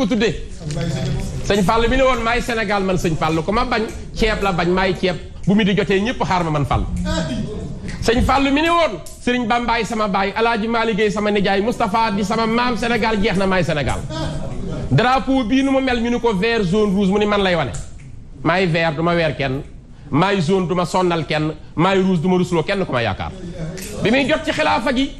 ko tuddee sëñ fàll mi ne woon maay Sénégal man sëñ fàll ko ma bañ ceeb la bañ maay ceeb bu mi di jotee ñëpp xaar ma man Fall sëñ Fall mi ne woon sëriñ Bambaay sama baay alaaji Maaligéey sama nijaay Moustapha di sama maam Sénégal jeex na maay Sénégal drapeau bii nu mu mel ñu ni ko vert zone rouge mu ni man lay wane maay vert du ma weer kenn maay jaune du ma sonnal kenn maay rouge du ma rusloo kenn ku ma yaakaar bi muy jot ci xilaafa gi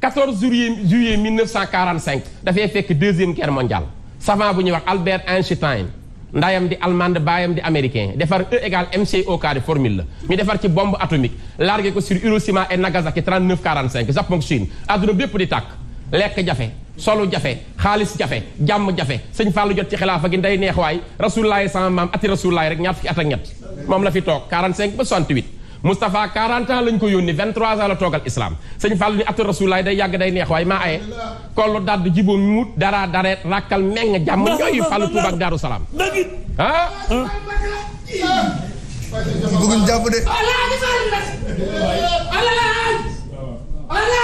14 juillet juillet 1945 dafay fekk deuxième guerre mondiale savant bu ñuy wax Albert Einstein ndayam di allemande baayam di américain defar E égale mc au carré la ñu defar ci bombe atomique largué ko sur Hiroshima et Nagasaki 39 45 Japon Chine adduna bépp di tàkk lekk jafe solu jafe xaalis jafe jàmm jafe sëñ Fallou jot ci xilaafa gi nday neex waay rasulullaay sama maam ati rasulullaay rek ñaar fukki at ak ñett moom la fi toog 45 ba 68 Mustafa 40 ans lañ ko yoni 23 ans la togal islam seigne Fall ni atu Rasulullah day yag day neex waaye maa aye kollu dadd jibo mut dara dare rakal meng jam ñooy Fallu ak de Allah Allah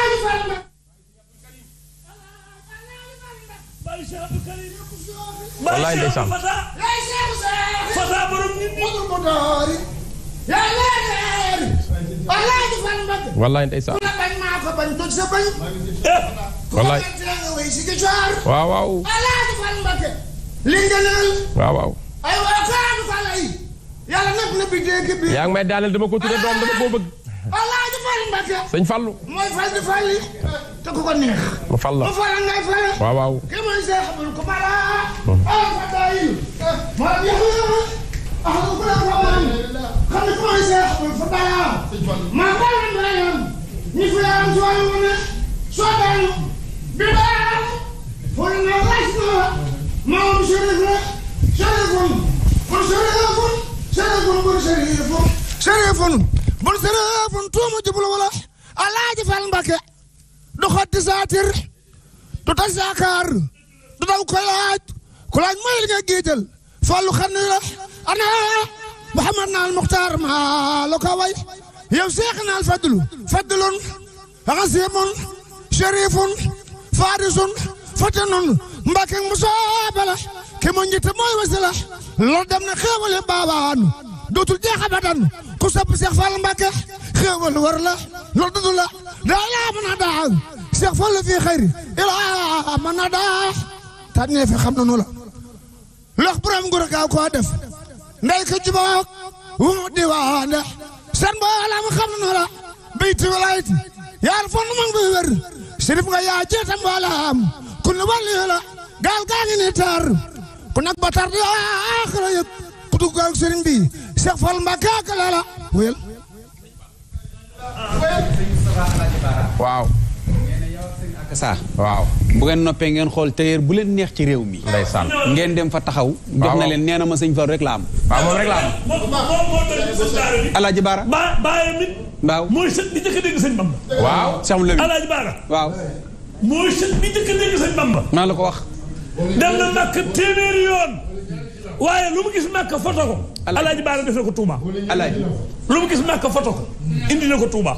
Allah yaa leer wallaay di fan mbagg wallaay ndeysaan ku la bañ maa ko bañ toj bañ ku la nga wéy si di coor waaw waaw wallaay di fan mbagg li nga waaw waaw ay waa kaan fa lay yàlla Fallu mooy fal di falli te ko neex mu fal la mu fal ngay waaw waaw ki mooy seexabul ku bara fa daay maa axadu ku leen xamaan xam ne commencé fa dara maa baalan rayam ni fu yaram si wàllu mu ne soo daanu bi baaram fóola naa laaj na la maamam sharif la sharifun bun sharifun sharifun bun sharifun sharifun bun sharifun tuuma jublu wala alaaji fal mbake du xotti saatir du tas yaakaar du daw ko laaj ku laaj mooy li nga géejal fàllu xam ne la انا محمد نال مختار ما لوكاوي يا شيخنا الفضل فضل غزيم شريف فارس فتن مباك مصابله كما نيت موي وسلا لو دمنا خيوال بابان دوتو جيخ ابدا كو سب شيخ فال مباك خيول ورلا لو دودلا لا لا من دا شيخ فال في خير الا من دا تاني في خمنا نولا لخ برام غوركا كو دف ndey ko jubook woo diwaane seen mboolam xam na la biyti walayt yaar fonu mang bi wër sirif nga yaa jeeta mboolam kun lu wàllu la gaal gaa ngi ni tar ku nag batar di aaxira yëg ku dugg ak sëriñ bi Cheikh Fall Mbacke ak la Isaka Sarr. waaw bu ngeen noppee ngeen xool téyeer bu leen neex ci réew mi. ndeysaan ngeen dem fa taxaw. jox na leen nee na ma sëñ Fall rek la am. waaw moom rek la am. moom Alaaji Baara. ba baayam it. waaw mooy sët bi njëkk dégg sëñ Bamba. maa la ko wax. dem na màkk yoon. waaye lu mu gis màkk foto ko. Alaaji Baara def na ko Touba. Alaaji lu mu gis màkk foto ko. indi na ko tuuba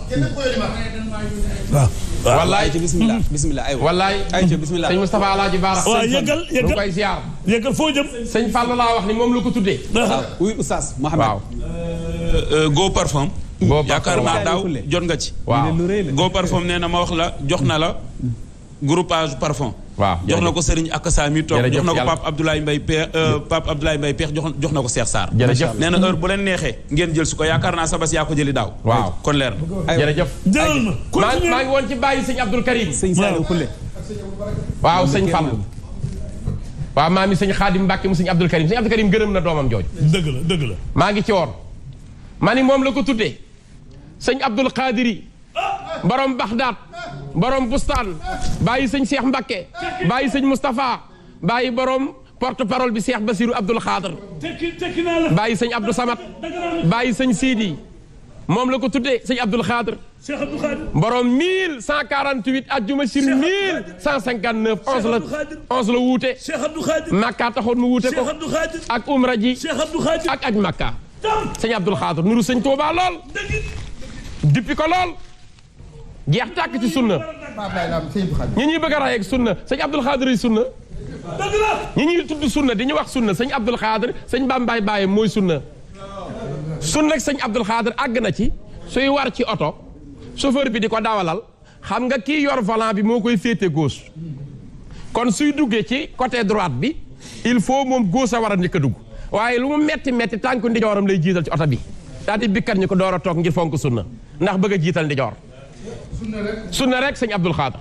wallaay ayca bisimilah bisimilah aywa wallaay. ayca bisimilah sëñ Moustapha Alaaji Baara. waaw yëgal yëgal mu koy ziar. yëgal foo jëm. wax ni moom la ko tuddee. waaw oui oustaz Mohamed. waaw. Euh, euh, Go Parfum. Go Parfum yaakaar naa daaw jot nga ci. waaw Go Parfum nee na ma wax la jox na la groupage parfum. waaw jox na ko Serigne Akassa mi toog jox na ko Pape Abdoulaye Mbaye Peex euh, Pape Abdoulaye Mbaye Peex jox na ko Cheikh Sarr jërëjëf nee na heure bu leen neexee ngeen jël su ko yaakaar naa sabas yaa ko jëli daaw waaw kon leer na jërëjëf jël ma maa ngi woon ci bàyyi sëñ Abdoul Karim sëñ Saliou Koule waaw sëñ Fall waaw maa mi sëñ Xaadim Mbàkke mu sëñ Abdoul Karim sëñ Abdoul Karim gërëm na doomam jooju dëgg la dëgg la maa ngi ci woon maa ni moom la ko tuddee sëñ Abdoul Xaadiri ah! borom Baxdaat borom bustaan bàyyi sëñ Cheikh Mbakke bàyyi sëñ Moustapha bàyyi borom porte parole bi Cheikh Basirou Abdoul Khadr bàyyi sëñ Abdou Samad bàyyi sëñ Sidi moom la ko tuddee sëñ Abdoul Khadr borom 1148 ajjuma sir 1159 onze la onze la wuute makka taxoon mu wuute ko ak umra ji ak aj makka sëñ Abdoul Khadr nuru sëñ Touba lool dippi ko lool jeex tàkk ci sunna ñi ñuy bëgg a ray ak sunna sëñ Abdul Xaadir yi sunna ñi ñuy tudd sunna di ñu wax sunna sëñ Abdul Xaadir sëñ Bambaay Baye mooy sunna sunna ak sëñ Abdul Xaadir àgg na ci suy war ci oto chauffeur bi di ko dawalal xam nga kii yor volant bi moo koy féete gauche kon suy duggee ci côté droite bi il faut moom gauche a war a njëkk a dugg waaye lu mu metti metti tànk ndijooram lay jiital ci oto bi daal di bikkat ñu ko door a toog ngir fonk sunna ndax bëgg a jiital sunna rek sëñ Abdul Xaadir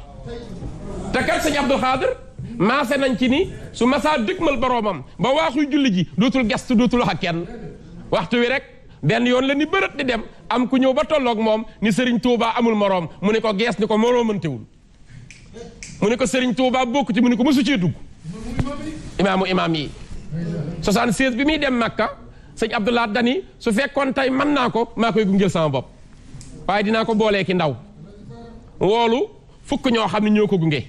te kat sëñ Abdul Xaadir maase nañ ci ni su masaa dëkkmal boroomam ba waaxuy julli ji dootul gestu dootul wax ak kenn waxtu wi rek benn yoon la ni bërët di dem am ku ñëw ba tolloog moom ni Serigne Touba amul moroom mu ne ko gees ni ko moroomantewul mu ne ko Serigne Touba bokk ci mu ne ko mësu cee dugg imaamu imaam yi 76 bi muy dem Makka sëñ Abdoulaye dani su fekkoon tey mën naa ko maa sama bopp waaye dinaa ko boolee ki ndaw woolu fukk ñoo xam ne ñoo ko gunge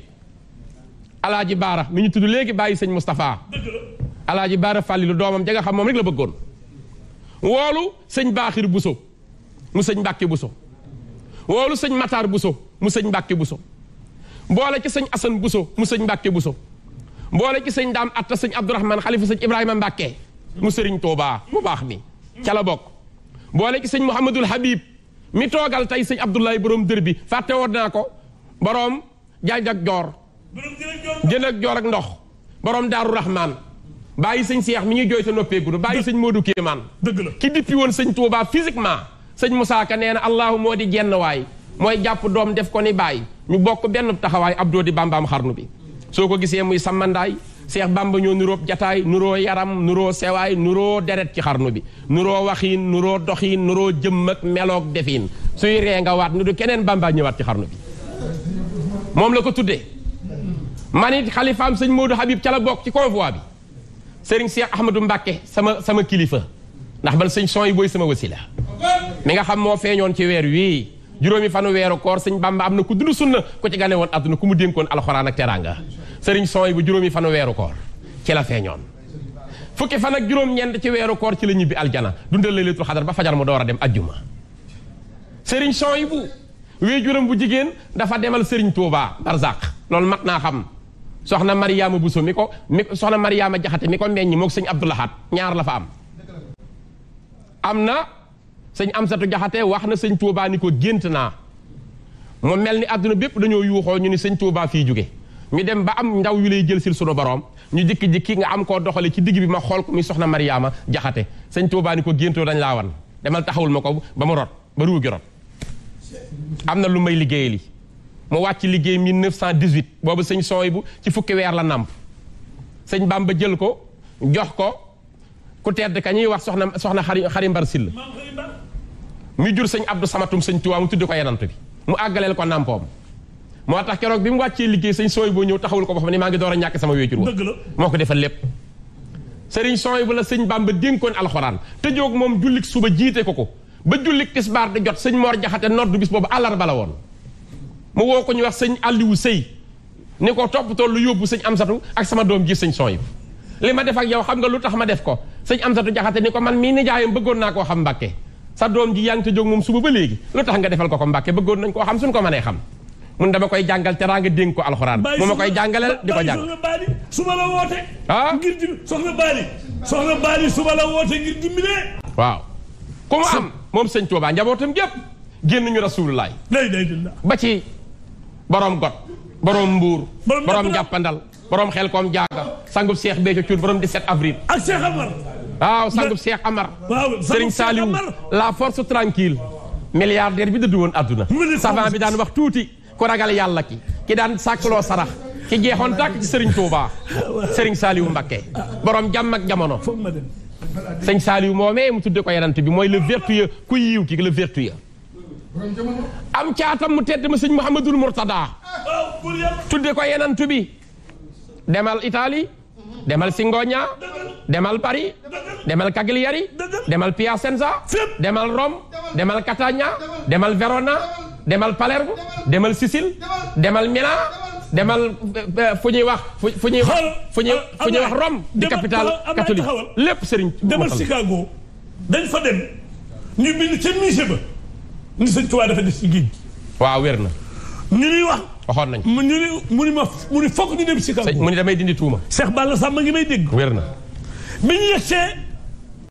alaaji baara mi ñu tudd léegi bàyyi sëñ Moustapha alaaji baara fàllilu doomam ja nga xam moom rek la bëggoon woolu sëñ baaxir buso mu sëñ mbàkke buso woolu sëñ mataar buso mu sëñ mbàkke buso boole ci sëñ asan buso mu sëñ mbàkke buso boole ci sëñ daam atta sëñ abdourahman xalifa sëñ ibrahima mbàkke mu sëriñ Touba mu baax mi ca bokk boole ci sëñ mouhamadul habib mi toogal tey sëñ Abdoulaye boroom dër bi fàtte woon naa ko boroom jaaj ak joor jën ak joor ak ndox borom daaru rahmaan bàyyi sëñ seex mi ñuy jooy sa noppee gudd bàyyi sëñ Modou Kéemaan dëgg la ki dippi woon sëñ Touba physiquement sëñ Moussa Ka nee na allahu moo di jenn waay mooy jàpp doom def ko ni bàyyi ñu bokk benn taxawaay Abdou di bambaam xarnu bi soo ko gisee muy sàmmandaay Seex Bàmba ñoo nuroo jataay nuroo yaram nuroo sewaay nuroo deret ci xarnu bi nuroo waxiin nuroo doxiin nuroo jëmm ak meloog defiin suy ree nga waat nu du keneen Bàmba ñëwaat ci xarnu bi moom la ko tuddee man it xalifaam sëñ Modou Habib ca la bokk ci convoi bi sëriñ Seex Ahmadou Mbàkke sama sama kilifa ndax man sëñ son yi booy sama wasila mi nga xam moo feeñoon ci weer wii juróomi fanu weeru koor sëñ Bàmba am na ku dund sunna ku ci gane woon àdduna ku mu dénkoon alxuraan ak teraanga sëriñ sooy bu juróomi fanu weeru koor ci la feeñoon fukki fan ak juróom-ñeent ci weeru koor ci la ñibbi aljana dundal laylatul xadar ba fajar mu door a dem ajjuma sëriñ sooy bu wee juróom bu jigéen dafa demal sëriñ Touba barzaq loolu mat naa xam soxna Mariama Bousso mi ko mi soxna Mariama Jaxate mi ko meññ moog sëñ Abdoulahat ñaar la fa am am na sëñ Amsatu Jaxate wax na sëñ Touba ni ko gént naa mu mel ni àdduna bépp dañoo yuuxoo ñu ni sëñ Touba fii jóge ñu dem ba am ndaw yu lay jël sil sunu borom ñu jikki-jikki nga am koo doxale ci digg bi ma xool ko muy soxna Mariama jaxate sëñ Tuubaa ni ko géntoo dañ laa wan demal taxawul ma ko ba mu rot ba ruu rot am na lu may liggéey li mu wàcc liggéey 1918 boobu sëñ sooy bu ci fukki weer la nàmp sëñ Bamba jël ko jox ko ku tedd ka ñuy wax soxna soxna xari xari mbar sill mi jur sëñ Abdou Samatum sëñ Tuubaa mu tuddi ko yenant bi mu àggaleel ko nàmpoom moo tax keroog bi mu wàccee liggéey sëñ sooy boo ñëw taxawul ko boo xam ne maa ngi door a ñàkk sama wéejur wa moo ko defal lépp sëriñ sooy bu la sëñ bàmba dénkoon alxuraan tëjoog moom jullik suba jiite ko ko ba jullik tisbaar di jot sëñ moor jaxate noddu bis boobu àllarba bala woon mu woo ko ñu wax sëñ Aliou Sëy ni ko toppatoo lu yóbbu sëñ Amsatu ak sama doom ji sëñ sooy li ma def ak yow xam nga lu tax ma def ko sëñ Amsatu jaxate ni ko man mii nijaayam bëggoon naa koo xam mbàkke sa doom ji yaa ngi tëjoog moom suba ba léegi lu tax nga defal ko ko mbàkke bëggoon nañ koo xam suñ ko mënee xam mun dama koy jàngal te raa nga dénk ko alxuraan. mu ma koy jàngaleel di ko jàng soxna Baali suba la woote. ah ngir dim soxna Baali. soxna Baali suba la woote ngir dimbile. waaw ku mu am moom sëñ Tuubaa njabootam gépp génn ñu rasulullah. ba ci borom got. borom mbuur borom jàppandal borom xel koom jaaga sangub seex Béthio Thioune borom 17 avril. ak Seex Amar. waaw sangub seex Amar. waaw Serigne Saliou la force tranquille milliardaire bi dëddu woon àdduna. savant bi daan wax tuuti. ku ragal yàlla ki ki daan sàkkloo sarax ki jeexoon tàkk ci Serigne Touba Serigne Saliou Mbacké borom jàmm ak jamono. sëñ Saliou moomee mu tudde ko yarant bi mooy le vertueux ku yiiw ki le vertueux am caatam mu tedd ma sëñ Mouhamadul Mourtada ah, tudde ko yenantu bi demal Italie demal Singogna demal Paris demal Cagliari demal Piacenza demal Rome demal Catania demal Verona demal Palerme demal Sicile demal Milan demal euh, euh, fu ñuy wax fu ñuy wax ñuy fu ñuy wax Rome di capitale catholique lépp sëriñ demal Chicago dañ fa dem ñu bind ca musée ba ni sëñ Tuubaa dafa des ci géej gi waaw weer na ñu ñuy wax waxoon nañ mu ni mu ma mu ni fokk ñu dem Chicago mu ni damay dindi tuuma Cheikh Balla Samb ma ngi may dégg wér na bi ñu yegsee